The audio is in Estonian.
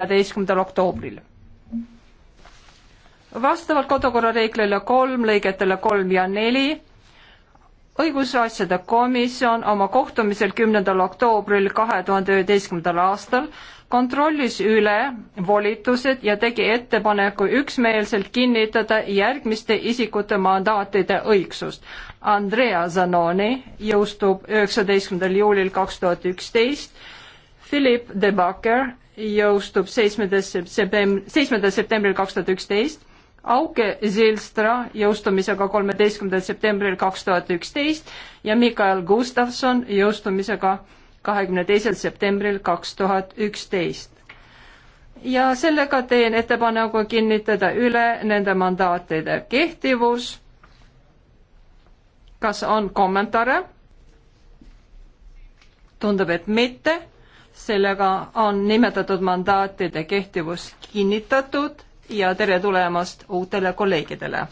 neljateistkümnendal oktoobril. vastavalt kodukorra reeglile kolm, lõigetele kolm ja neli, õigusasjade komisjon oma kohtumisel kümnendal oktoobril kahe tuhande üheteistkümnendal aastal kontrollis üle volitused ja tegi ettepaneku üksmeelselt kinnitada järgmiste isikute mandaatide õigsust. Andrea Zanoni jõustub üheksateistkümnendal juulil kaks tuhat üksteist, Philip De Backer jõustub seitsmendas septembril, seitsmendal septembril kaks tuhat üksteist, Auke Zilstra jõustumisega kolmeteistkümnendal septembril kaks tuhat üksteist ja Mikael Gustavson jõustumisega kahekümne teisel septembril kaks tuhat üksteist. ja sellega teen ettepaneku kinnitada üle nende mandaatide kehtivus. kas on kommentaare? tundub, et mitte sellega on nimetatud mandaatide kehtivus kinnitatud ja tere tulemast uutele kolleegidele!